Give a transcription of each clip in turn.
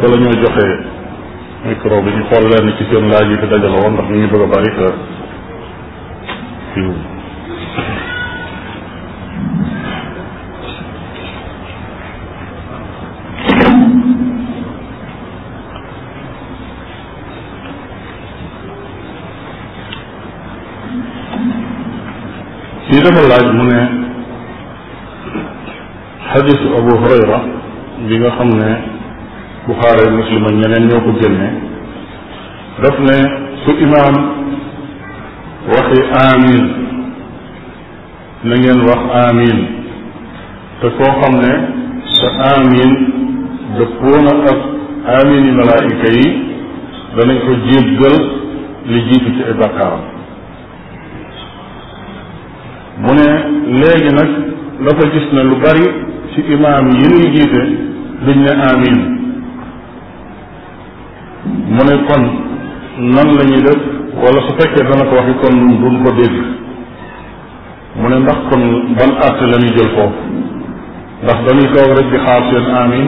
bala ñoo joxe micro bi ñu xool lenn ci seen laaj yi fi dajale woon ndax ñu ngi bëgg a bari heure kii dama laaj mu ne xadisu Abu Hurayra bi nga xam ne Buxaari ak Muslim ak ñeneen ñoo ko génne daf ne su imaam waxi amin na ngeen wax amin te koo xam ne sa amin dëppoona ak amin yi yi danañ ko jéggal li jiitu ci ay bakkaaram mu ne léegi nag dafa gis ne lu bari ci imaam yi nuy jiite duñ ne amin mu ne kon nan la ñuy def wala su fekkee dana ko waxi kon duñ ko dégg mu ne ndax kon ban àtte lañuy jël foofu ndax dañuy toog rek di xaar amin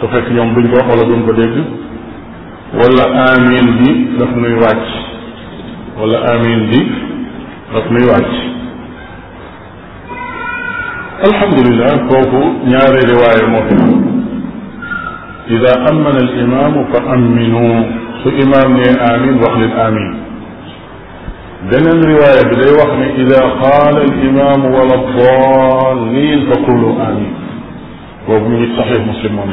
su fekk ñoom duñ ko wax wala duñ ko dégg wala amin bi daf nuy wàcc wala amin bi daf nuy wàcc alhamdulilah kooku ñaari riwaaye moo fi ida amana al imaamu fa amminu su imaam ne amin wax leen amin beneen riwaaya bi day wax ne ida qaala al imaamu wala dallin fa qulu amin boobu mu ngi saxiix muslim moom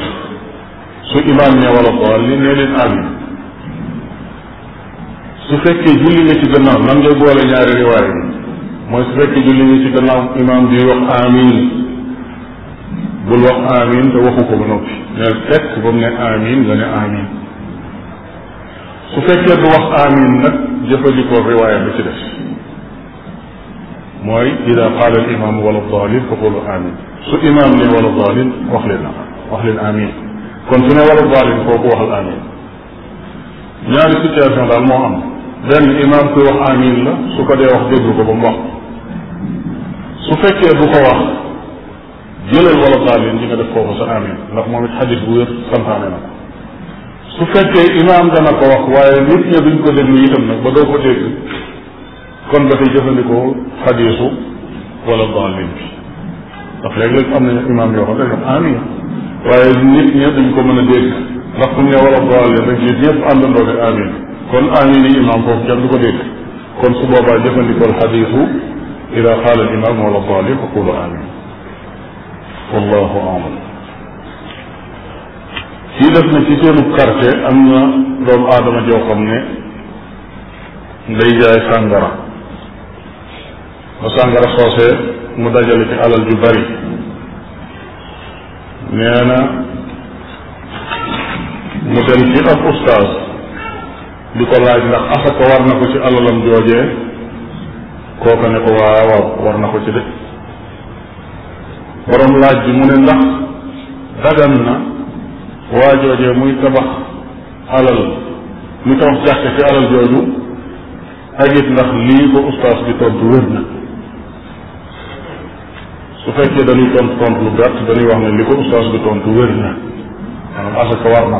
su imaam ne wala dallin ne leen amin su fekkee julli nga ci gannaaw nan ngay boole ñaari riwaaya bi mooy su fekkee julli nga ci gannaaw imaam di wax amin bul wax amin te waxu ko ba noppi neel tekk ba mu ne amin nga ne amin su fekkee du wax amin nag jëfandikoo riwaaya bi ci def mooy ida qaala al imam wala dalil fa qulu amin su imam ne wala dalil wax leen wax leen amin kon su ne wala dalil kooku waxal amin ñaari situation am benn imam kuy wax amin la su ko dee wax déglu ko ba mu wax su fekkee du ko wax jëlal wala daalin di nga def foofu amin ndax moom it xadis bu wér santaane na ko su fekkee imaam dana ko wax waaye nit ña duñ ko déglu itam nag ba doo ko dégg kon ba tey jëfandikoo xadiisu wala daalin bi ndax am nañu imaam yoo xam ne dañoo amin waaye nit ña duñ ko mën a dégg ndax bu wala daalin àndandoo kon amin yi imaam foofu kenn du ko dégg kon su boobaa jëfandikoo xadiisu ila qaala al imaam wala daalin aqulu amin wallahu alam kii def na ci seenu quartier am na doomu aadama joo xam ne day jaay sàngara sàngara soosee mu dajale ci alal ju bari nee mu dem ci ab ustaas di ko laaj ndax asaka war na ko ci alalam joojee kooka ne ko waaw war na ko ci de borom laaj bi mu ne ndax dagan na waajoojee muy tabax alal muy tabax jàkk ci alal jooju ak it ndax lii ko ustaas bi tontu wér na su fekkee dañuy tontu tontu lu gàtt dañuy wax ne li ko ustaas bi tontu wér na maanaam asaka war na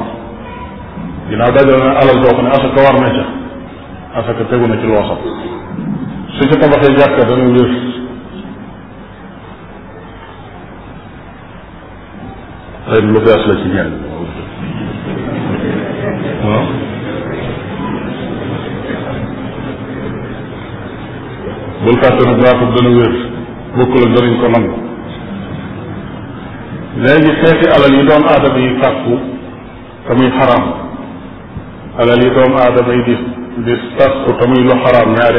dinaa dajale na alal boo xam ne asaka war na ca asaka tegu na ci loo su ca tabaxee jàkka dana wér xëy na lu bees la ci ñenn waaw bul fàtte ne baaxul dana wér bokkul ak danañ ko nangu léegi yi doom aadama yi fàkku te muy xaraam alal yi doom ñaari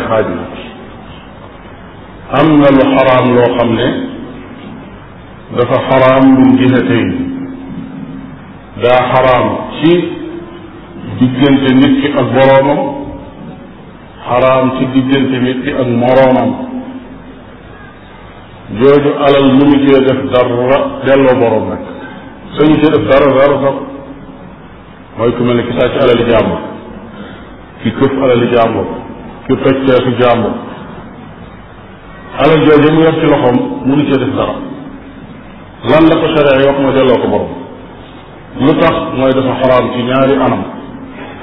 xaaj am na lu xaraam loo xam ne dafa xaraam min jihatain daa xaraam ci diggante nit ki ak boroomam xaraam ci diggante nit ki ak moroomam jooju alal mënu cee def dara delloo boroom rek sañu cee def dara ki sàcc alali jàmbur ki alal jooju mu yor ci loxoom mënu cee def lan la ko sariya wax ma delloo ko borom lu mooy dafa xaraam ci ñaari anam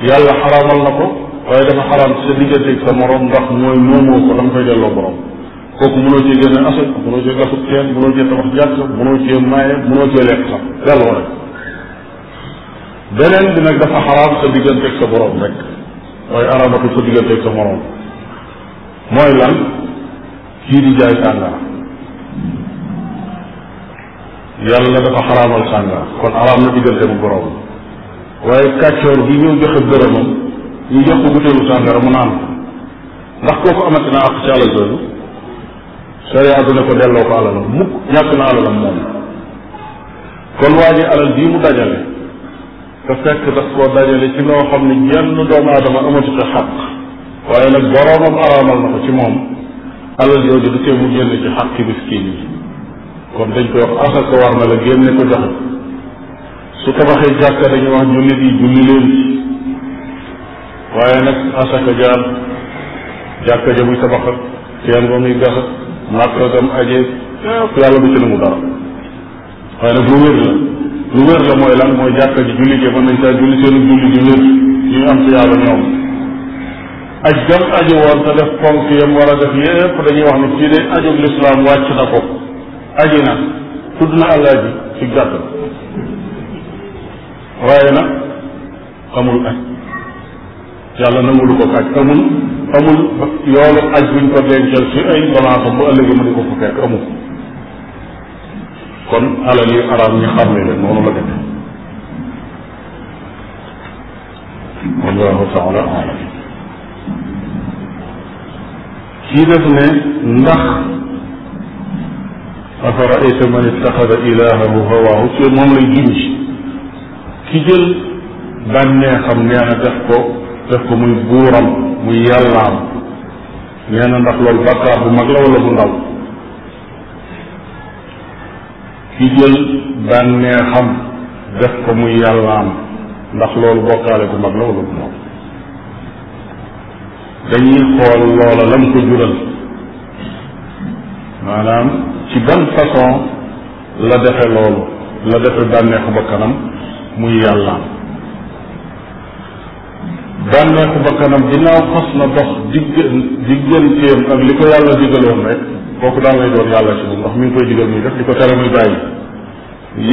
yàlla xaraamal na ko waaye dafa xaraam ci sa digganteeg sa morom ndax mooy moomoo ko da nga koy delloo borom kooku mënoo cee génne asak mënoo cee gasub teen mënoo cee tabax jàkk mënoo cee maye mënoo cee lekk sax delloo rek beneen bi nag dafa xaraam sa digganteeg sa borom rek waaye araamatul sa digganteeg sa morom mooy lan kii di jaay sàngara yàlla dafa xaraamal sàngara kon xaraam na diggante mu borom waaye kàccoor bi ñëw joxe bërëmam ñu jox ko butéelu sàngara mu naan ko ndax kooku amati na àq ci alal jooju sariya du ne ko delloo ko alalam mukk ñàkk na moom kon waa alal bii mu dajale te fekk daf koo dajale ci loo xam ne jenn doomu aadama amatu ci xaq waaye nag boroomam araamal na ko ci moom alal yooyu du tee mu génn ci xaqi miskin yi kon dañ koy wax asaka war na la génne ko joxe su tabaxee jàkka dañuy wax jullit yi julli leen ci waaye nag asaka jaal jàkka ja muy tabax ak teen ba muy gas ak màkka gam ajee yëpp nag lu wér la mooy lan mooy jàkka ji julli ji mën nañ caa julli seenu julli am ci yàlla ñoom aj gam aji woon te def ponk yam war a def yëpp dañuy wax ne kii de ajug lislaam wàcc na ko aji na tudd na àllaaji ci gàttal waaye nag amul aj yàlla nangulu ko amul amul yoolu aj buñ ko dencal ci ay balaasam bu ëllëgee mu di ko ko amul kon alal araam ñu xàmme leen noonu la demee wallahu taala alam kii def ne ndax afara'ayta man ittaxada ilaahahu hawaahu ci moom lay junj ki jël bànneexam nee na def ko def ko muy buuram muy yàllaam nee na ndax loolu bàkkaar bu mag la wala bu ndaw ki jël bànneexam def ko muy yàllaam ndax loolu bokkaale bu mag la wala bu ndaw dañuy xool loola lam ko jural maanaam ci ban façon la defe loolu la defe bànneexu ba kanam muy yàllaam bànneexu ba kanam ginnaaw xas na dox digg digganteem ak li ko yàlla digaloon rek kooku daan lay doon yàlla ci moom ndax mi ngi koy digal muy def di ko tere muy bàyyi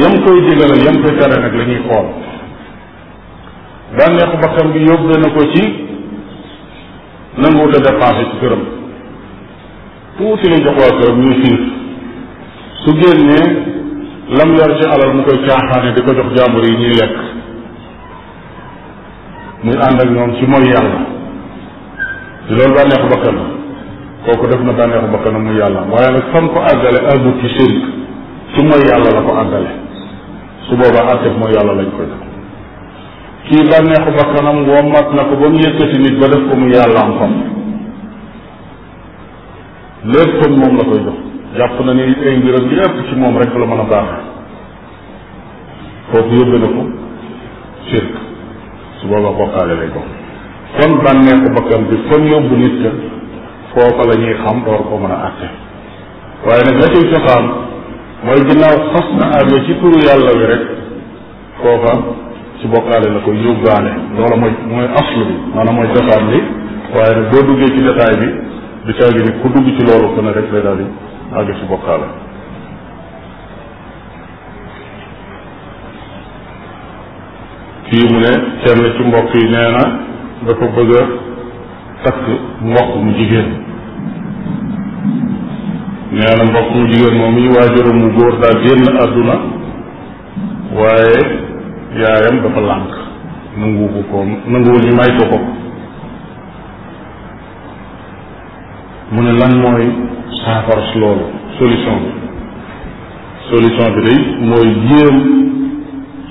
yam koy digalal yam koy tere nag la ñuy xool bànneexu bakkan bi yóbbee na ko ci nanguwute dépensé ci këram tuuti la jox waa këram ñuy xiif su génnee lam yor alal mu koy caaxaane di ko jox jàmbur yi ñuy lekk muy ànd ak ñoom ci mooy yàlla di loolu bànneexu bakkanam kooku def na bànneexu bakkanam muy yàlla waaye nag fam ko àggale àggut ci sirk ci mooy yàlla la ko àggale su boobaa àtteef mooy yàlla lañ koy kii bànneexu bakkanam wommat na ko ba mu yëkkati nit ba def ko mu yàlla am léppam moom la koy jox jàpp na ni ay mbiram yépp ci moom rek la mën a baax kooku yóbbe na ko sirk su boobaa bokkaale lay bokk kon bànneexu bakkan bi kon yóbbu nit ka foofa la xam door ko mën a àtte waaye nag la cay cosaan mooy ginnaaw xas na àgg ci turu yàlla wi rek foofa ci bokkaale la koy yóbbaale loola mooy mooy aslu bi maanaam mooy cosaan bi waaye nag boo duggee ci détail bi du caagi ni ku dugg ci loolu ku ne rek lay daal di àgg ci bokkaale fii mu ne kenn ci mbokk yi nee na dafa bëgg a takk mbokk mu jigéen nee na mbokk mu jigéen moom yi waajuram mu góor daa génn àdduna waaye yaayam dafa lànk nanguwu ko nanguwul ñu may ko ko mu ne lan mooy saafara loolu solution bi solution bi mooy jéem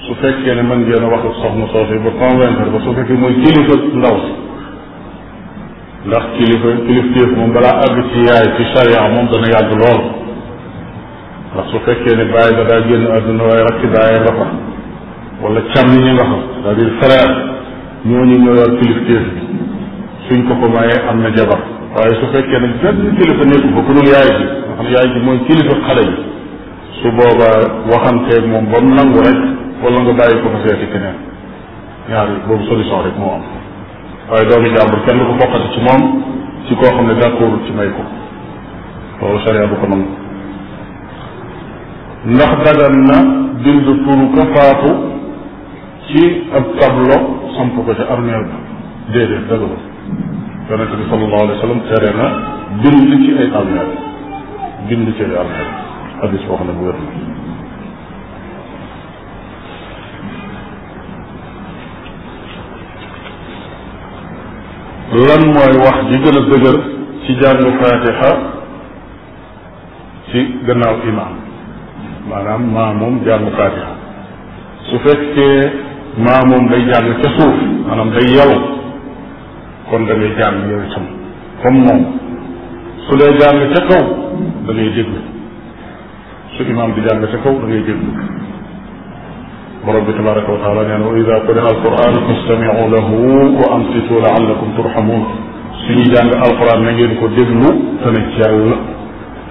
su fekkee ne man ngeen a wax ak soxna soosu ba convaincre ba su fekkee mooy kilifa ndaw si ndax kilifa kilifteef moom balaa àgg ci yaay ci charia moom dana yàgg lool ndax su fekkee ne bàyyi ba daa génn àdduna waaye rakki bàyyi nga fa wala càmm ñi nga fa c'est-à-dire frère ñooñu ñoo yor kilifteef bi suñ ko ko mayee am na jabar waaye su fekkee nag benn kilifa nekku fa ku dul yaay ji nga xam yaay ji mooy kilifa xale yi su boobaa waxanteeg moom ba mu nangu rek wala nga bàyyi ko fa seeti keneen ñaar boobu solution rek moo am waaye doomi jàmbur kenn du ko bokkati ci moom ci koo xam ne d'accordul ci may ko loolu sharia du ko nangu ndax dagan na bind turu ko faatu ci ab tableau samp ko ci armeel ba déedéet daganul yonente bi sallallahu alayhi wa sallam tere na bind ci ay armeel bind ci ay armeel hadis boo xam ne bu wér na lan mooy wax ji gën a dëgër ci jàngu fatiha ci gannaaw imaam maanaam maamum jàngu fatiha su fekkee maamum day jàng ca suuf maanaam day yaw kon da ngay jàng yow itam comme moom su dee jàng ca kaw da ngay déglu su imaam di jàng ca kaw da ngay déglu borom bi tabaraka wa taala nee na wa ida quri'a alquran fastami'u lahu wa ansitu la'allakum turhamun suñu jàng alquran na ngeen ko déglu te ne jàll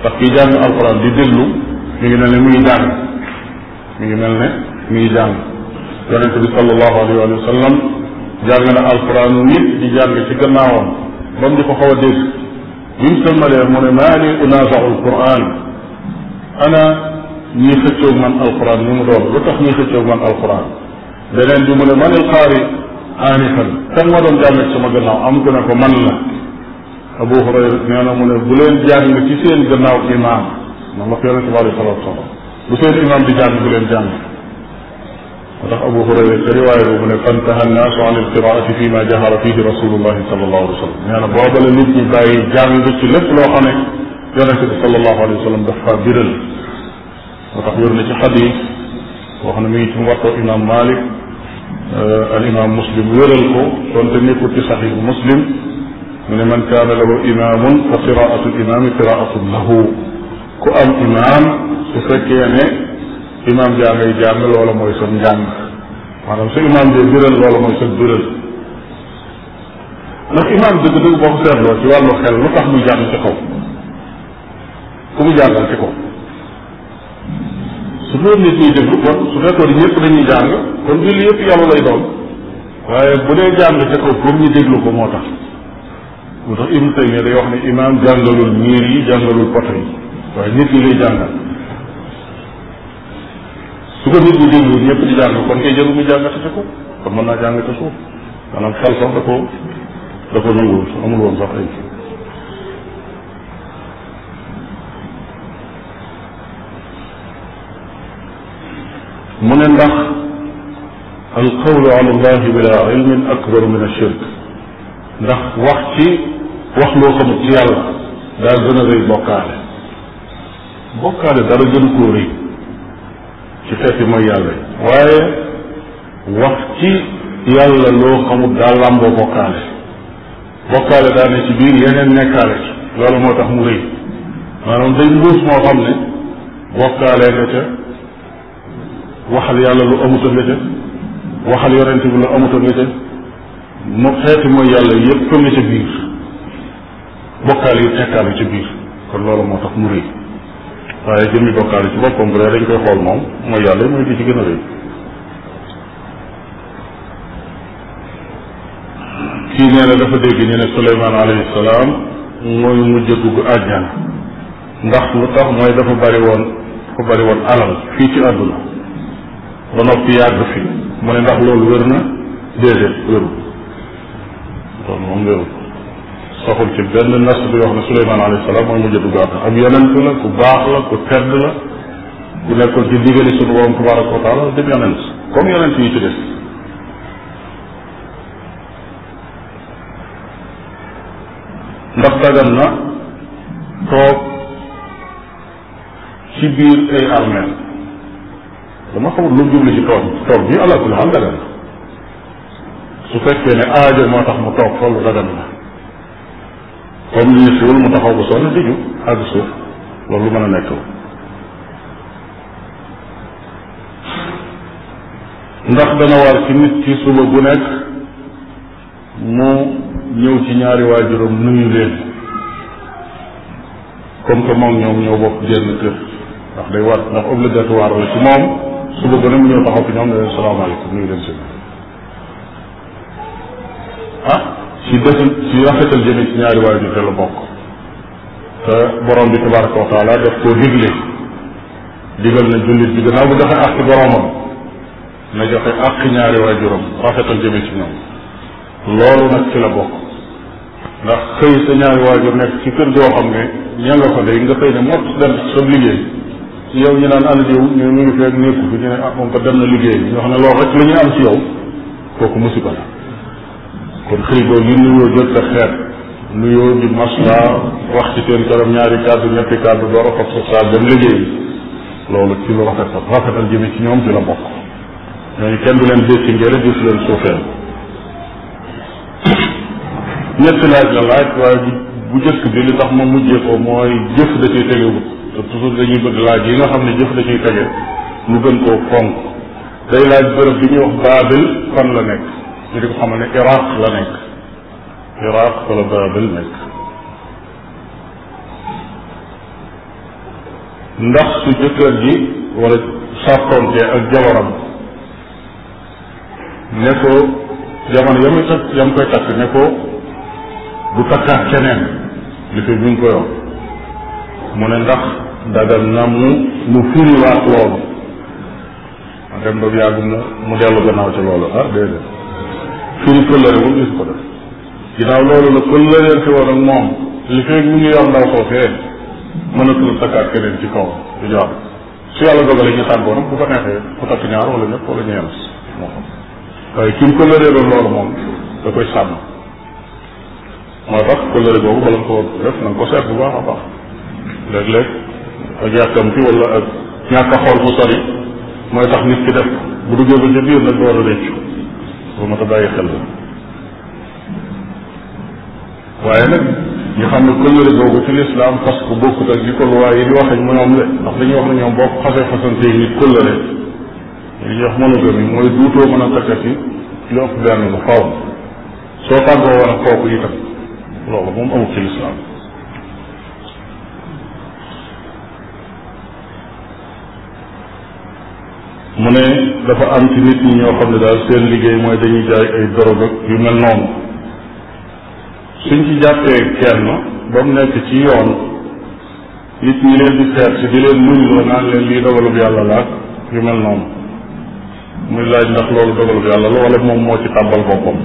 ndax kii jàng alquran di déglu mi ngi mel ne mi ngi jàng mi ngi mel ne mi ngi jàng yonente bi sallallahu alayhi wa sallam jàng na alquran yëpp di jàng ci gannaawam ba mu di ko xaw a dégg bi mu sëlmalee mu ne maa ni unaasaxu alquran ana ñii xëccoog man alquran ñu mu doon lu tax ñii xëccoog man alquran beneen bi mu ne man alqaari aanifan kan ma doon jàng sama am ku ne ko man la Abu Hurayra nee na mu ne bu leen jàng ci seen gannaaw imaam na ma ko yonente bi alei salatu wasalam bu seen imaam di jàng bu leen jàng moo tax Abu Hurayra ca riwaaya boobu ne fantaha annaasu an ilqiraati fi ma jahara fihi rasulullahi sallallahu alayhi wa sallam nee na booba la nit ñi bàyyi jàng ci lépp loo xam ne yonent bi sallallahu alayhi wa sallam dafa biral moo tax wér na ci xadis boo xam ne mi ngi ci Muwatta imam Malik euh, al imam Muslim wéral ko donte nekkul ci saxix Muslim mu ne man kaana lahu imamun fa qiraatu l imami qiraatun lahu ku am imam su fekkee ne imaam jaa ngay jàng loola mooy sa njàng maanaam su imaam jee biral loola mooy sa biral ndax imaam dëgg dëgg boo ko seetloo ci wàllu xel lu tax muy jàng ci kaw ku mu jàngal ci kaw su doon nit ñuy déglu kon su fekkoon ñëpp dañuy jàng kon julli yëpp yàlla lay doon waaye bu dee jàng ca kaw comme ñu déglu ko moo tax moo tax Ibnu Taymiya day wax ne imaam jàngalul miir yi jàngalul poto yi waaye nit ñi lay jàngal su ko nit ñi déglu ñëpp di jàng kon kay jëlu mu jàngatati ko kon mën naa jàngate suuf maanaam xel sax da ko da ko nanguwul amul woon sax ay mu ne ndax al qawlu ala allahi bila ilmin akbaru min ashirk ndax wax ci wax loo xamut ci yàlla daa gën a rëy bokkaale bokkaale dara gën koo rëy ci xeeti mooy yàlla yi waaye wax ci yàlla loo xamul daa làmboo bokkaale bokkaale daa ne ci biir yeneen nekkaale ci loolu moo tax mu rëy maanaam day mbuus moo xam ne bokkaalee nga ca waxal yàlla lu amuta nga ca waxal yonent bi lu amuta nga ca mu xeeti mooy yàlla yépp nga ca biir bokkaale yu tekkaale ca biir kon loolu moo tax mu rëy waaye jëmmi bokkaale ci boppam bu dee dañ koy xool moom mooy yàlla mooy li ci gën a rëy kii nee na dafa dégg ñu ne Suleymaan alayhi salaam mooy mujj dugg àjjana ndax mu tax mooy dafa bari woon dafa bari woon alal fii ci àdduna ba noppi yàgg fi mu ne ndax loolu wér na déedéet wérul loolu moom wérul saxul ci benn nas bi wax ne Suleymaan alayhi salaam mooy mujj dugg àdduna ak yonent la ku baax la ku tedd la ku nekkoon ci digali suñu borom tabaraka wa taala dem yonent comme yonent yi ci des ndax dagan na toog ci biir ay armeel dama xamul lu jubli ci toog toog bi ala kulli xaal dagan na su fekkee ne aajo moo tax mu toog fa lu dagan na comme li ñu siwul mu taxaw bu sonn diggu àgg suuf loolu lu mën a nekk la ndax dana war ci nit ci suba bu nekk mu ñëw ci ñaari waajuram nuyu leen comme que ñoom ñoo bokk génn kër ndax day war ndax obligatoire la ci moom suba bu ne mu ñëw taxaw fi ñoom ne leen salaamaaleykum nuyu leen si defal ci rafetal jëme ci ñaari waajur te la bokk te borom bi tabaraka wa taala daf koo digle digal na jullit bi gannaaw bu joxe àq boromam na joxe àq ñaari waajuram rafetal jëme ci ñoom loolu nag ci la bokk ndax xëy sa ñaari waajur nekk ci kër goo xam ne ña nga ko de nga xëy ne mott dem sa liggéey yow ñu naan ana diw ñu ngi fekk nekku fi ñu ne ah moom ko dem na liggéey ñu wax ne loolu rek la ñuy am ci yow kooku musiba la kon trigo yi nuyoo jël sa xeet nuyoo bi masla wax ci seen kanam ñaari kàddu ñetti kàddu door a fab sa saal dem liggéey loolu ci lu rafet la rafetal jëme ci ñoom ci la bokk ñooñu kenn du leen décci ngeen gis leen suufeel ñetti laaj la laaj waaye bu bu jëkk bi li tax ma mujjee ko mooy jëf da ciy tegewut te dañuy bëgg laaj yi nga xam ne jëf da ciy mu ñu gën koo fonk day laaj bërëb bi ñuy wax baabil fan la nekk ñu ko xamal ne iraq la nekk iraq fa la baabel nekk ndax su jëkkër ji wala sartonte ak jabaram ne ko jamono ya muy takk koy takk keneen li fi bi nga ko yor mu ne ndax dagal na mu mu firiwaat loolu ma dem ba yàgg mu mu dellu gannaaw ci loolu ah déedéet suñu këllëre wul gis ko def ginnaaw loolu la këllëreente woon ak moom li feeg mu ngi yor ndaw soo fee mënatul takkaat keneen ci kaw su yàlla dogalee ñu tàggoo nag bu ko neexee ku takk ñaar wala ñett wala ñeent moo xam waaye ki mu këllëree doon loolu moom da koy sàmm moo tax këllëre boobu bala nga def na ko seet bu wax a baax léeg-léeg ak yàkkam ci wala ak ñàkk a xool bu sori mooy tax nit ki def bu duggee ba ca biir nag door a réccu lu ma ta bàyyi xel la waaye nag ñu xam ne kóllëre googu ci lislaam parce que bokkut ak li ko luwaay yi di wax ak ñoom le ndax dañuy wax ne ñoom boo xasee fasante yi nit kóllëre li ñuy wax monogamie mooy duutoo mën a takkati lu ëpp benn lu faaw soo tàggoo woon ak kooku itam loolu moom amul ci lislaam mu ne dafa am ci nit ñi ñoo xam ne daal seen liggéey mooy dañuy jaay ay drogue yu mel noonu suñ ci jàppee kenn ba mu nekk ci yoon nit ñi leen di seet si di leen muñloo naan leen lii dogalub yàlla la yu mel noonu muy laaj ndax loolu dogalub yàlla la wala moom moo ci tàbbal boppam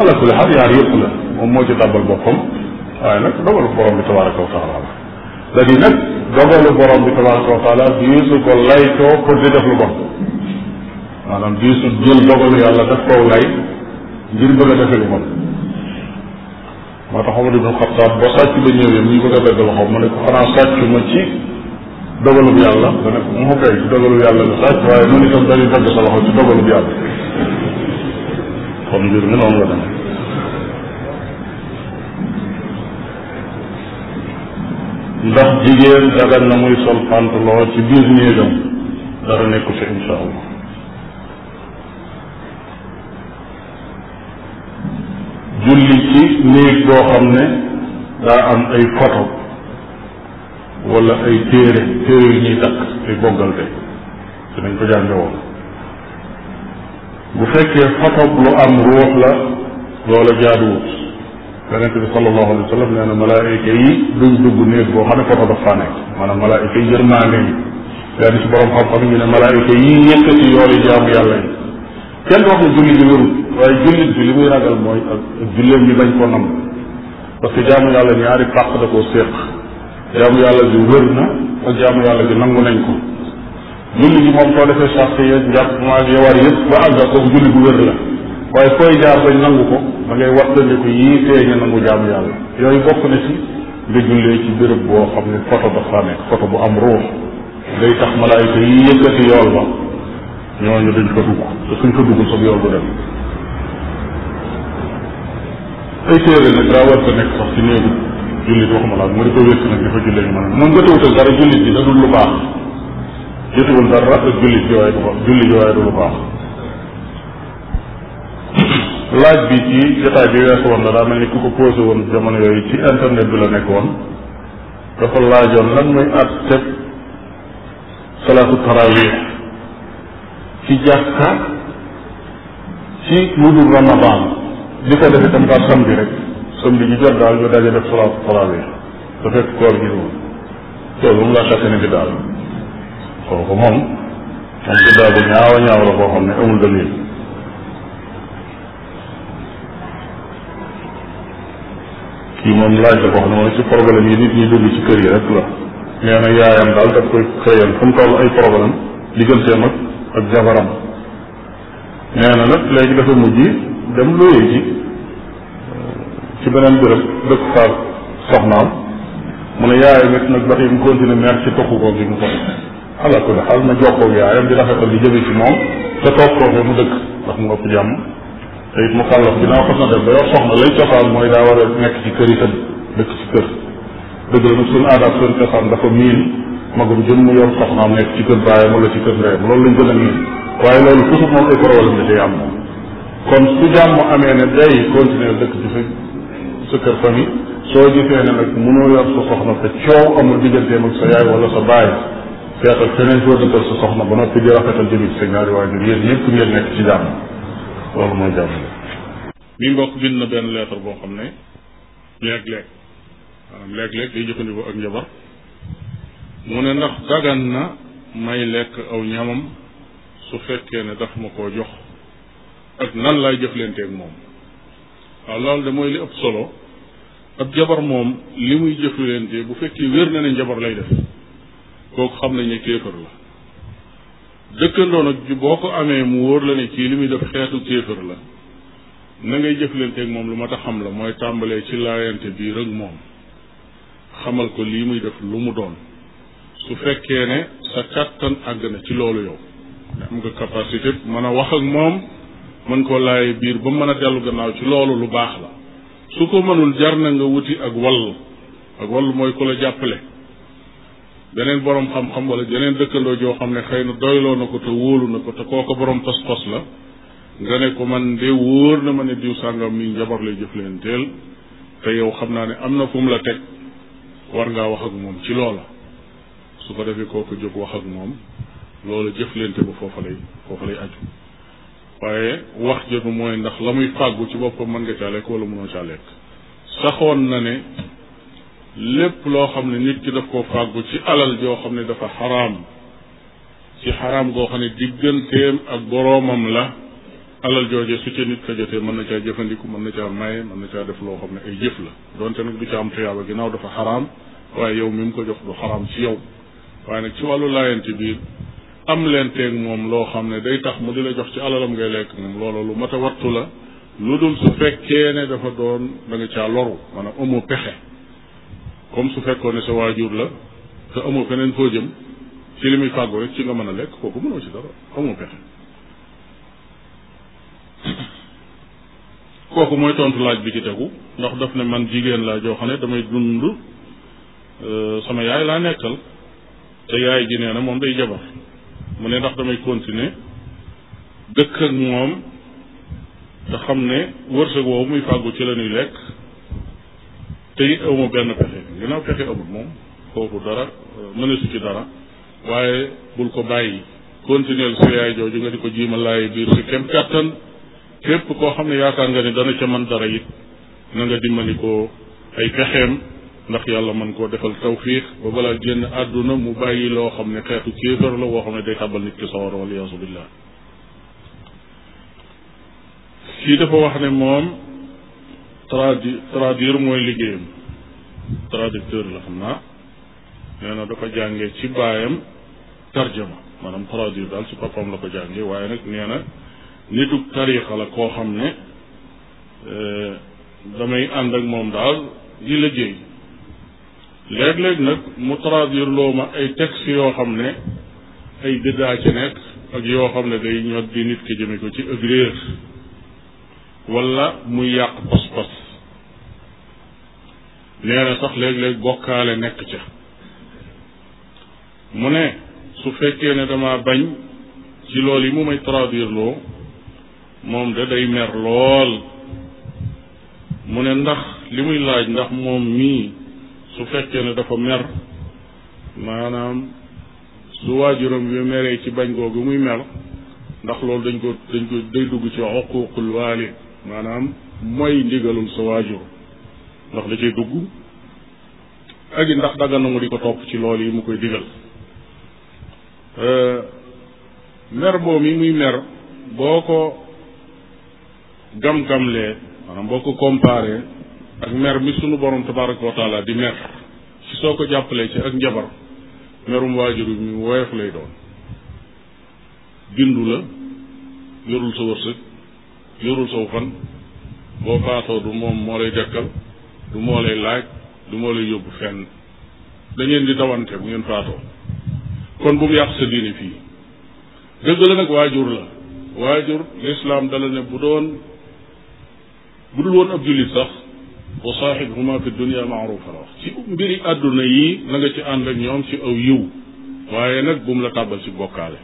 ala kulli xaal yaar yëpp la moom moo ci tàbbal boppam waaye nag dogalub borom bi tabaraka wa taala dañu nag dogalu borom bi tabaraka wa taala diisu ko laytoo pour di def lu bon maanaam diisu jël dogalu yàlla daf koo lay ngir bëgg a defe lu bon moo tax Omar ibn Xattaab ba sàcc ba ñëwee mu ñu bëgg a dagg loxoom mu ne ko xanaa sàcc ma ci dogalub yàlla da ne ko mu mm, koy ci dogalub yàlla nga sàcc waaye mu ne itam dañuy dagg loxo ci dogalub yàlla kon mbir mi noonu la demee ndax jigéen dagan na muy sol pantalon ci biir néegam dara nekku ci insha allah julli ci néeg boo xam ne daa am ay photo wala ay téere téere yu ñuy takk ay boggalte dinañ ko jànge bu fekkee photo lu am ruux la loola jaaduwut yonent bi sallallahu alayhi wa sallam nee yi duñ dugg néeg boo xam ne koto daf faa nekk maanaam malaayika yi yërmaande yi leen ci borom xam-xam ñu ne malaayika yi nekk ci yoolu jaamu yàlla yi kenn wax ne julli bi wérul waaye jullit bi li muy ragal mooy ak julleem yi bañ koo nam parce que jaamu yàlla ñaari pàq da koo séq jaamu yàlla bi wér na ak jaamu yàlla bi nangu nañ ko julli bi moom soo defee charte ya njàpp maa yewaar yëpp ba àgga da ngay wattandiku yii feeñe nangu jaamu yàlla yooyu bokk na ci nga jullee ci béréb boo xam ne photo dafa nekk photo bu am ruux day tax malaayika yi yëkkati yool ba ñooñu duñ ko dugg te suñ ko duggul sax yool bu dem ay téere nag daa war a nekk sax ci néegu jullit waxuma laa mu di ko wékk nag dafa jullee ñu mën a moom jotewutal dara jullit bi lu baax jotewul dara du baax jullit bi du lu baax laaj bi ci jotaay bi weesu woon na daa ku ko posé woon jamono yooyu ci internet bi la nekk woon dafa laajoon lan muy at teg salaatu tarawih ci jàkka ci lu dul ramadan ko defee tam par samedi rek samedi ji jot daal ñu daje def salaatu tarawih te fekk koor moom laa fekk bi daal kooku moom moom bi daal bu ñaaw a la boo xam ne amul dalil kii moom laaj la boo xam ne moom ci problème yi nit ñi dund ci kër yi rek la nee na yaayam daal daf koy xëyal fu mu toll ay problème digganteem ak ak jabaram nee na nag léegi dafa mujj dem luye ji euh, ci beneen bërëb dëkk faak soxnaam mu ne yaayam it nag ba tey mu continuer mer ci toxu ko mu ko ala na jokkoo ak ci moom te toog foofee mu dëkk ndax mu ëpp jàmm te it mu kàllaf ginnaaw xam na def ba yor soxna lay cosaan mooy daa war a nekk ci kër itam dëkk ci kër dëgg la nag suñu aadaat suñu cosaan dafa miin magum jëm mu yor soxnaam nekk ci kër baayam wala ci kër ndeyam loolu lañ gën a miin waaye loolu toujours moom ay problème da cay am moom kon su jàmm amee ne day continuer dëkk ci sa sa kër famille soo gisee ne nag mënoo yor sa soxna te coow amul digganteem ak sa yaay wala sa baay seetal feneen soo dëkkal sa soxna ba noppi di rafetal jëmi sa ñaari waajur yéen ñëpp ngeen nekk ci loolu mooy jàmmale mi mbokk bind na benn leetar boo xam ne léeg-léeg maanaam léeg-léeg jëfandikoo ak njabar mu ne ndax dagan na may lekk aw ñamam su fekkee ne daf ma koo jox ak nan laay jëflanteeg moom waaw loolu de mooy li ëpp solo ak jabar moom li muy jëf jëflante bu fekkee wér na ne njabar lay def kooku xam nañ ne kéefër la dëkkandoo nag boo ko amee mu wóor la ne kii li muy def xeetu kéefër la na ngay jëflanteeg moom lu ma ta xam la mooy tàmbalee ci laayante biir ak moom xamal ko lii muy def lu mu doon su fekkee ne sa kàttan àgg na ci loolu yow am nga capacité mën a wax ak moom mën ko laaye biir ba mën a dellu gannaaw ci loolu lu baax la su ko mënul jar na nga wuti ak wall ak wall mooy ku la jàppale beneen boroom xam-xam wala jeneen dëkkandoo joo xam ne xëy na doyloo na ko te wóolu na ko te kooka boroom pas-pas la nga ne ko man de wóor na ma ne diw sàngam mi njabar lay jëflanteel te yow xam naa ne am na fu mu la teg war ngaa wax ak moom ci loola su ko defee kooko jóg wax ak moom loola jëflante ba foofa lay foofa lay aju waaye wax jotu mooy ndax la muy fàggu ci boppam mën nga caa lekk wala mënoo caa lekk saxoon na ne lépp loo xam ne nit ki daf koo fàggu ci alal joo xam ne dafa xaraam ci xaraam goo xam ne digganteem ak boroomam la alal jooje su ca nit ka jotee mën na caa jëfandiku mën na caa maye mën na caa def loo xam ne ay jëf la donte nag du ca am tuyaaba ginnaaw dafa xaraam waaye yow mi mu ko jox du xaraam ci yow waaye nag ci wàllu laayante biir am leen teeg moom loo xam ne day tax mu di la jox ci alalam ngay lekk moom loola lu mata a wattu la lu dul su fekkee ne dafa doon da nga caa loru pexe comme su fekkoon ne sa waajur la te amul feneen foo jëm ci li muy fàggu rek ci nga mën a lekk kooku mënoo ci dara amul pexe kooku mooy tontu laaj bi ci tegu ndax daf ne man jigéen laa joo xam ne damay dund euh, sama yaay laa nekkal te yaay ji nee na moom day jabar mu ne ndax damay continuer dëkk ak moom te xam ne wërsëg woowu muy fàggu ci la ñuy lekk te it awma benn pexe ginnaaw pexe amul moom kooku dara euh, mëne su ci dara waaye bul ko bàyyi continuer su yaay jooju nga di ko jiima laay biir si kem kàttan képp koo xam ne yaakaar nga ne dana ca man dara it na nga dimbali ko ay pexeem ndax yàlla mën koo defal tawfiix ba balaa génn àdduna mu bàyyi loo xam ne xeetu kéefar la koo xam ne day xabal nit ki sawar wal yaasu billah kii dafa wax ne moom tradi traduire mooy liggéeyam traducteur la xam naa nee na da ko jàngee ci baayam tarjama maanaam traduire daal ci papam la ko jànge waaye nag nee na nitug tariixa la koo xam ne eh, damay ànd ak moom daal di liggéey léeg-léeg nag mu traduire loo ma ay text yoo xam ne ay biddaa ci nekk ak yoo xam ne day ñot di nit ki jëme ko ci ëgg réer wala muy yàq pas-pas nee na sax léeg-léeg bokkaale nekk ca mu ne su fekkee ne dama bañ ci lool yi mu may traduire loo moom de day mer lool mu ne ndax li muy laaj ndax moom nii su fekkee ne dafa mer maanaam su waajuram bi meree ci bañ googu muy mer ndax loolu dañ ko dañ ko day dugg ci uququl waalid maanaam mooy ndigalul sa waajur ndax da cay dugg ak it ndax dagga nangu di ko topp ci lool yi mu koy digal euh, mer boo mi muy mer boo ko gam-gamlee maanaam boo ko comparé ak mer mi sunu borom tabaraka wa taala di mer ci soo ko jàppalee ci ak njabar merum waajur bi mu woyof lay doon bindu la yorul sa wërsëg yorul saw fan boo faatoo du moom moo lay dekkal du moo lay laaj du moo la yóbbu fen da ngeen di dawante bu ngeen faatoo kon bu mu yàq sa diine fii dëgg la nag waajur la waajur lislaam dala ne bu doon bu dul woon ab jullit sax wa saaxibhuma fi dunia maarufa la wax ci mbiri àdduna yi na nga ci ànd ñoom ci aw yiw waaye nag bu mu la tàbbal ci bokkaale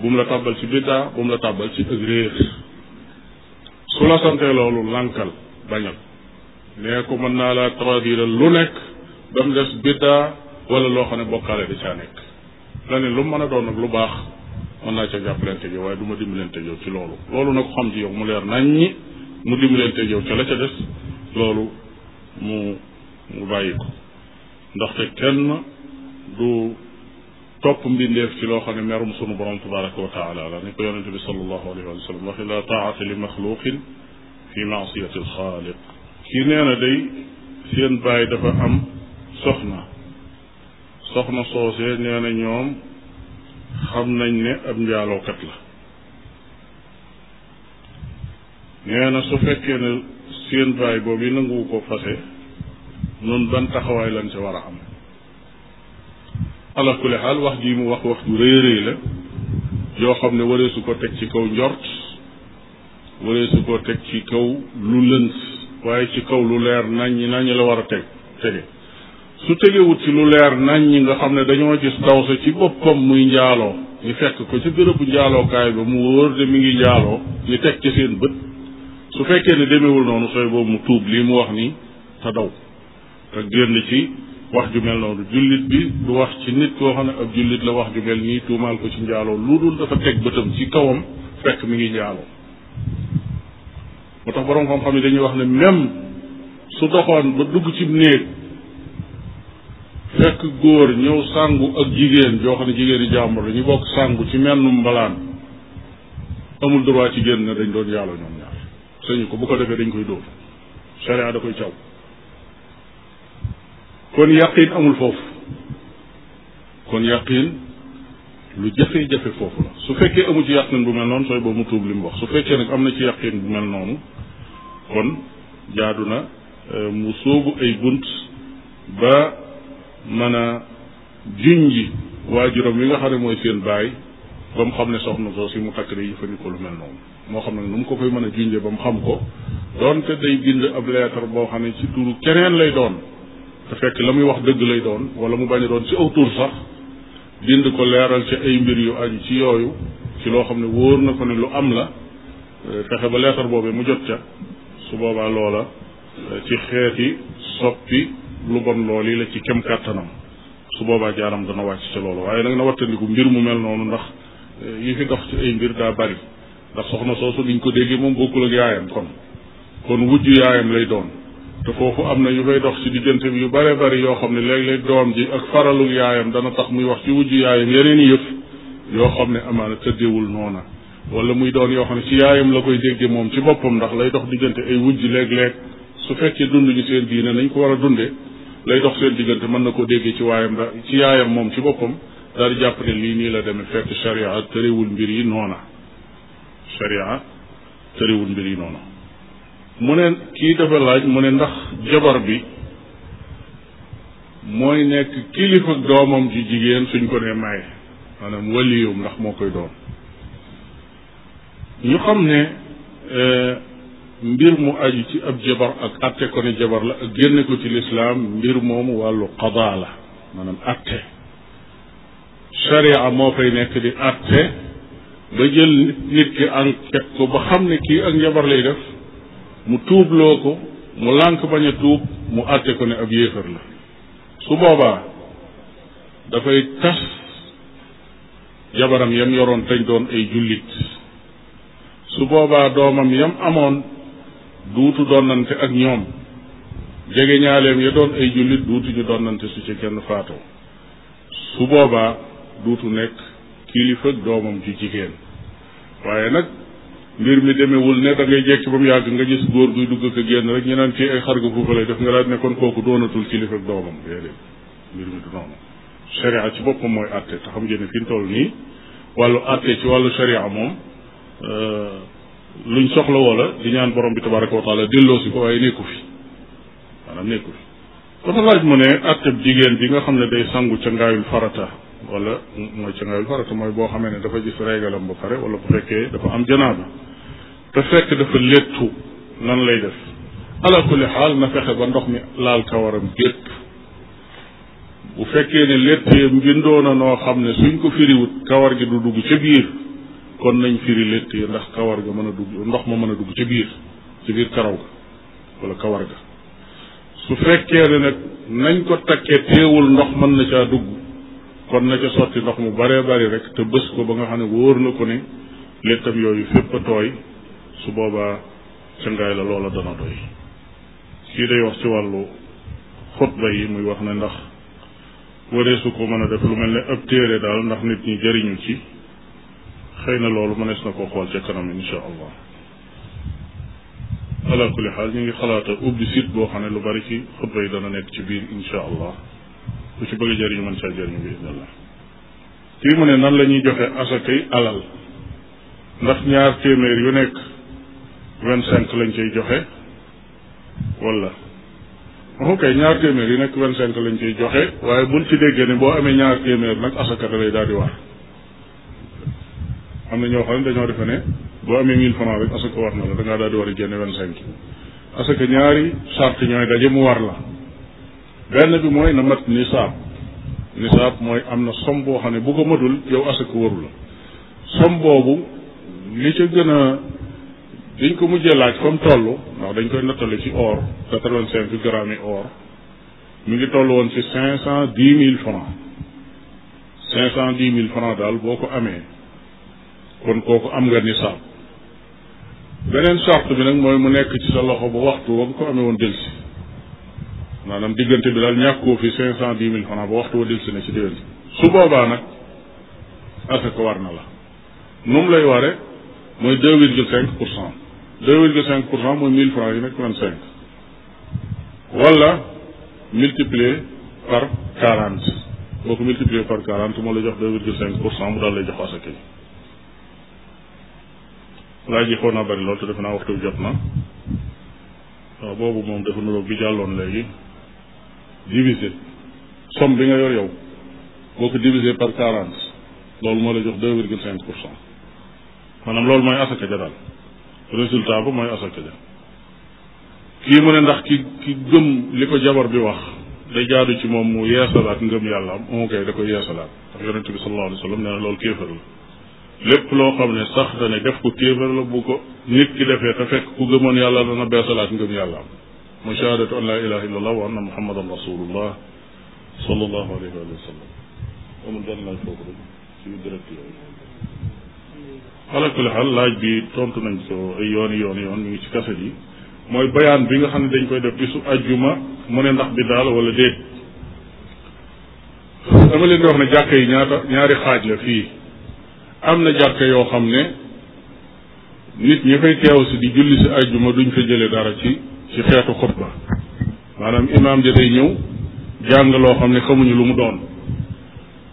bu mu la tàbbal ci biddaa bu mu la tàbbal ci ak réer su la santee loolu lànkal bañal nee ko mën naa laa traduire lu nekk ba mu des biddaa wala loo xam ne bokkaale da caa nekk la ne lu mën a doon nag lu baax mën naa ca jàppalanteeg yow waaye du ma dimbalanteeg yow ci loolu loolu nag xam ci yow mu leer nañ mu dimbalanteeg yow ca la ca des loolu mu mu bàyyi ko ndaxte kenn du topp mbindeef ci loo xam ne merum sunu borom tabaraka wa taala la ni ko yonente bi sallallahu alayhi wa sallam li maxluqin fi maasiyati alxaaliq kii nee na day seen baay dafa am soxna soxna soosee nee na ñoom xam nañ ne ab njaalookat la nee na su fekkee ne seen baay boobu nanguwu ko fase nun ban taxawaay lañ si war a am ala kulli xaal wax jii mu wax wax ju rëy rëy la yoo xam ne wareesu ko teg ci kaw njort wareesu ko teg ci kaw lu lënt waaye ci kaw lu leer naññi naññi la war a teg tege su tegewut ci lu leer naññi nga xam ne dañoo gis ndaw sa ci boppam muy njaaloo ñu fekk ko ci bérébu njaalookaay ba mu wóor de mi ngi njaaloo ñu teg ci seen bët su fekkee ne demewul noonu sooy boobu mu tuub lii mu wax nii te daw te génn ci wax ju mel noonu jullit bi du wax ci nit koo xam ne ab jullit la wax ju mel nii tuumaal ko ci njaaloo lu dul dafa teg bëtam ci kawam fekk mi ngi njaaloo moo tax boroom xam-xam yi dañuy wax ne même su doxoon ba dugg ci néeg fekk góor ñëw sàngu ak jigéen joo xam ne jigéen yi jàmbur la ñu bokk sàngu ci mennum mbalaan amul droit ci génn dañ doon yàlla ñoom ñaar sañu ko bu ko defee dañ koy dóor sharia da koy caw kon yaqin amul foofu kon yaqin lu jafe-jafe foofu la su fekkee amu ci yaqin bu mel noonu sooy boobu mu tuub li mu wax su fekkee nag am na ci yaqin bu mel noonu kon jaadu na euh, mu sóobu ay bunt ba mën a waa waajuram yi nga xam ne mooy seen baay ba mu xam ne soxna soo si mu takk day jëfandikoo lu mel noonu moo xam ne nu mu ko koy mën a junje ba mu xam ko doonte day bind ab leetar boo xam ne ci turu keneen lay doon te fekk la muy wax dëgg lay doon wala mu bañ a doon ci aw tur sax dind ko leeral ci ay mbir yu aju ci yooyu ci loo xam ne wóor na ko ne lu am la euh, fexe ba leetar boobee mu jot ca su boobaa loola ci xeeti soppi lu bon lool yi la ci kem kàttanam su boobaa jaaram dana wàcc ca loolu waaye nag na wattandiku mbir mu mel noonu ndax eh, yi fi dox ci ay mbir daa bari ndax soxna soosu niñ ko déggee moom bokkul ak yaayam kon kon wujju yaayam lay doon te foofu am na yu fay dox ci diggante yu bare bari yoo xam ne léeg doom ji ak faralug yaayam dana tax muy wax ci wujju yaayam yeneen i yëf yoo xam ne amaana tëddeewul noona wala muy doon yoo xam ne ci yaayam la koy déggee moom ci boppam ndax lay dox diggante ay wujj léeg-léeg su fekkee dunduñu seen diine nañ ko war a dundee lay dox seen diggante mën na koo déggee ci waayam da ci yaayam moom ci boppam daal di jàpp ne lii nii la demee fekk sharia tëriwul mbir yi noona sharia tëriwul mbir yi noona mu ne kii dafa mu ne ndax jabar bi mooy nekk kilifa doomam ji jigéen suñ ko ne maye maanaam waliyum ndax moo koy doon ñu xam ne euh, mbir mu aju ci ab jabar ak atte ko ne jabar la ak génne ko ci lislaam mbir moomu wàllu qadaa la maanaam atte sharia moo fay nekk di atte ba jël nit ki enquête ko ba xam ne kii ak njabar lay def mu tuubloo ko mu lànk bañ a tuub mu atte ko ne ab yéefar la su boobaa dafay tas jabaram yam yoroon tañ doon ay jullit su boobaa doomam yam amoon duutu donnante ak ñoom jege ñaaleem ya doon ay jullit duutu ñu donnante su ci kenn faatoo su boobaa duutu nekk kilifa ak doomam ji jigéen waaye nag mbir mi demewul ne da ngay jekki ba mu yàgg nga gis góor guy dugg ak génn rek ñu naan ci ay xar nga foofu lay def nga daal ne kooku doonatul kilifa ak doomam déedéet mbir mi du noonu sharia ci boppam mooy atte taxam xam fii ne fi mu toll nii wàllu atte ci wàllu sharia moom Euh, luñ soxla woo la di ñaan borom bi tabaraka wa taala delloosi ko waaye nekku fi maanaam nekku fi dafa laaj mu ne atteb jigéen bi nga xam ne day sangu ca ngaayul farata wala mooy ca ngaayul farata mooy boo xamee ne dafa gis régalam ba pare wala bu fekkee dafa am janaaba te fekk dafa léttu nan lay def ala kulli xaal na fexe ba ndox mi laal kawaram gépp bu fekkee ne léttee mbindoona noo xam ne suñ ko firiwut kawar gi du dugg ca biir kon nañ firi létt yi ndax kawar ga mën a dugg ndox ma mën a dugg ca biir ci biir karaw ga wala kawar ga su fekkee ne nag nañ ko takkee teewul ndox mën na caa dugg kon na ca sotti ndox mu baree bari rek te bës ko ba nga xam ne wóor na ko ne léttam yooyu fépp a tooy su boobaa cangaay la loola dana doy kii day wax ci wàllu xutba yi muy wax ne ndax wareesu ko mën a def lu mel ne ab téere daal ndax nit ñi jëriñu ci xëy na loolu mënees na koo xool ca kanam incha allah ala kulli xaal ñu ngi xalaata ubbi site boo xam ne lu bari ci xutba yi dana nekk ci biir incha allah ku ci bëgg a jëriñu mën caa jëriñu bi idnillah mu ne nan la ñuy joxe asakay alal ndax ñaar téeméer yu nekk vingt cinq lañ cay joxe wala ok oh, ñaar téeméer yu nekk vingt cinq lañ cay joxe waaye buñ ci déggee ne boo amee ñaar téeméer nag asaka lay daal di war am na ñoo xam ne dañoo defe ne boo amee mille francs rek asaka war na la da daal di war a génne vingt cinq asaka ñaari sart ñooy daje mu war la benn bi mooy na mat nisaab nisaab mooy am na som boo xam ne bu ko matul yow asaka waru la som boobu li ca gën a diñ ko mujjee laaj comme toll ndax dañ koy nattale ci or quatre-vingt-cinq grammes yi or mi ngi toll woon ci cinq cent dix mille francs cinq cent dix mille francs daal boo ko amee kon kooku am nga ni nisaab beneen charte bi nag mooy mu nekk ci sa loxo ba waxtu ba nga ko amee woon delsi maanaam diggante bi daal ñàkkoo fi cinq cent dix mille francs ba waxtu wa delsi na ci déwén su boobaa nag ko war na la moom lay ware mooy deux virgule cinq pour cent deux virgule cinq pour cent mooy mille francs yi nekk vingt cinq wala multiplié par quarante boo ko multiplié par quarante moo la jox deux virgule cinq pour cent mu daal lay jox asaka yi laaj yi xaw naa bari lool te defe naa waxtu bi jot na waaw boobu moom dafa nuroog bi jàlloon léegi diviser somme bi nga yor yow boo ko diviser par quarante loolu moo la jox deux virgule cinq pour cent maanaam loolu mooy asaka ja daal résultat ba mooy asaka ja kii mu ne ndax ki ki gëm li ko jabar bi wax da jaadu ci moom mu yeesalaat ngëm yàlla am on kay da koy yeesalaat ndax yonente bi sallallahu loolu kéefër la lépp loo xam ne sax na ne def ko téeméer la bu ko nit ki defee te fekk ku gëmoon yàlla dana beesalaat ngëm yàlla am mu shahadatu an laa ilaha illallah wa wa sallam laaj foofu rek suñu direct yooyu ala kulli xaal laaj bi tontu nañ ko ay yooni yooni yoon mi ngi ci kaset yi mooy bayaan bi nga xam ne dañ koy def bisu ajjuma mu ne ndax bi daal wala déet dama leen di wax ne jàkka yi ñaata ñaari xaaj la fii am na jàkka yoo xam ne nit ñi fay teew si di julli si ajjuma duñ fa jële dara ci ci xeetu xutba maanaam imaam ja day ñëw jàng loo xam ne xamuñu lu mu doon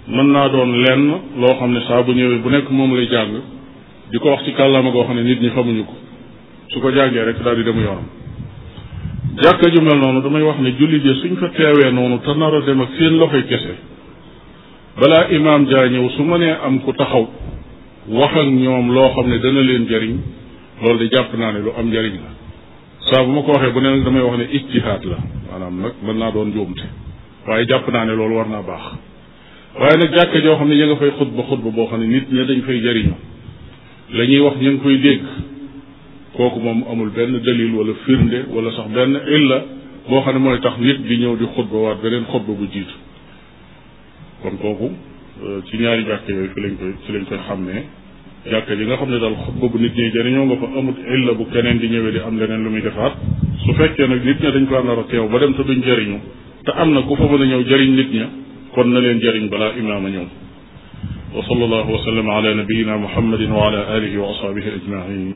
mën naa doon lenn loo xam ne saabu ñëwee bu nekk moom lay jàng di ko wax ci kàllaama goo xam ne nit ñi xamuñu ko su ko jàngee rek daal di dem yoonam jàkka ju mel noonu damay wax ne jullit yi suñ fa noonu te nar a dem ak seen loxoy kese balaa imaam jaa ñëw su mënee am ku taxaw wax ak ñoom loo xam ne dana leen jariñ loolu de jàpp naa ne lu am njariñ la saa bu ma ko waxee bu ne nag damay wax ne ijtihaad la maanaam nag mën naa doon njuumte waaye jàpp naa ne loolu war naa baax waaye nag jàkka joo xam ne ña nga fay xutba xutba boo xam ne nit ña dañ fay jariñu la wax ña koy dégg kooku moom amul benn dalil wala firnde wala sax benn illa boo xam ne mooy tax nit di ñëw di xutba waat beneen xutba bu jiit kon kooku ci ñaari jàkk yooyu fi lañ xam ne jàkk ji nga xam ne daal xutba bu nit ñi jëriñoo nga fa amut illa bu keneen di ñëwee di am leneen lu muy defaat su fekkee nag nit ña dañ ko nar a teew ba dem te duñ jëriñu te am na ku fa mën a ñëw jëriñ nit ña kon na leen jëriñ balaa imaam a ñëw wa sallallahu wa sallam ala nabiyina muhammadin wa ala alihi wa ashabihi ajmain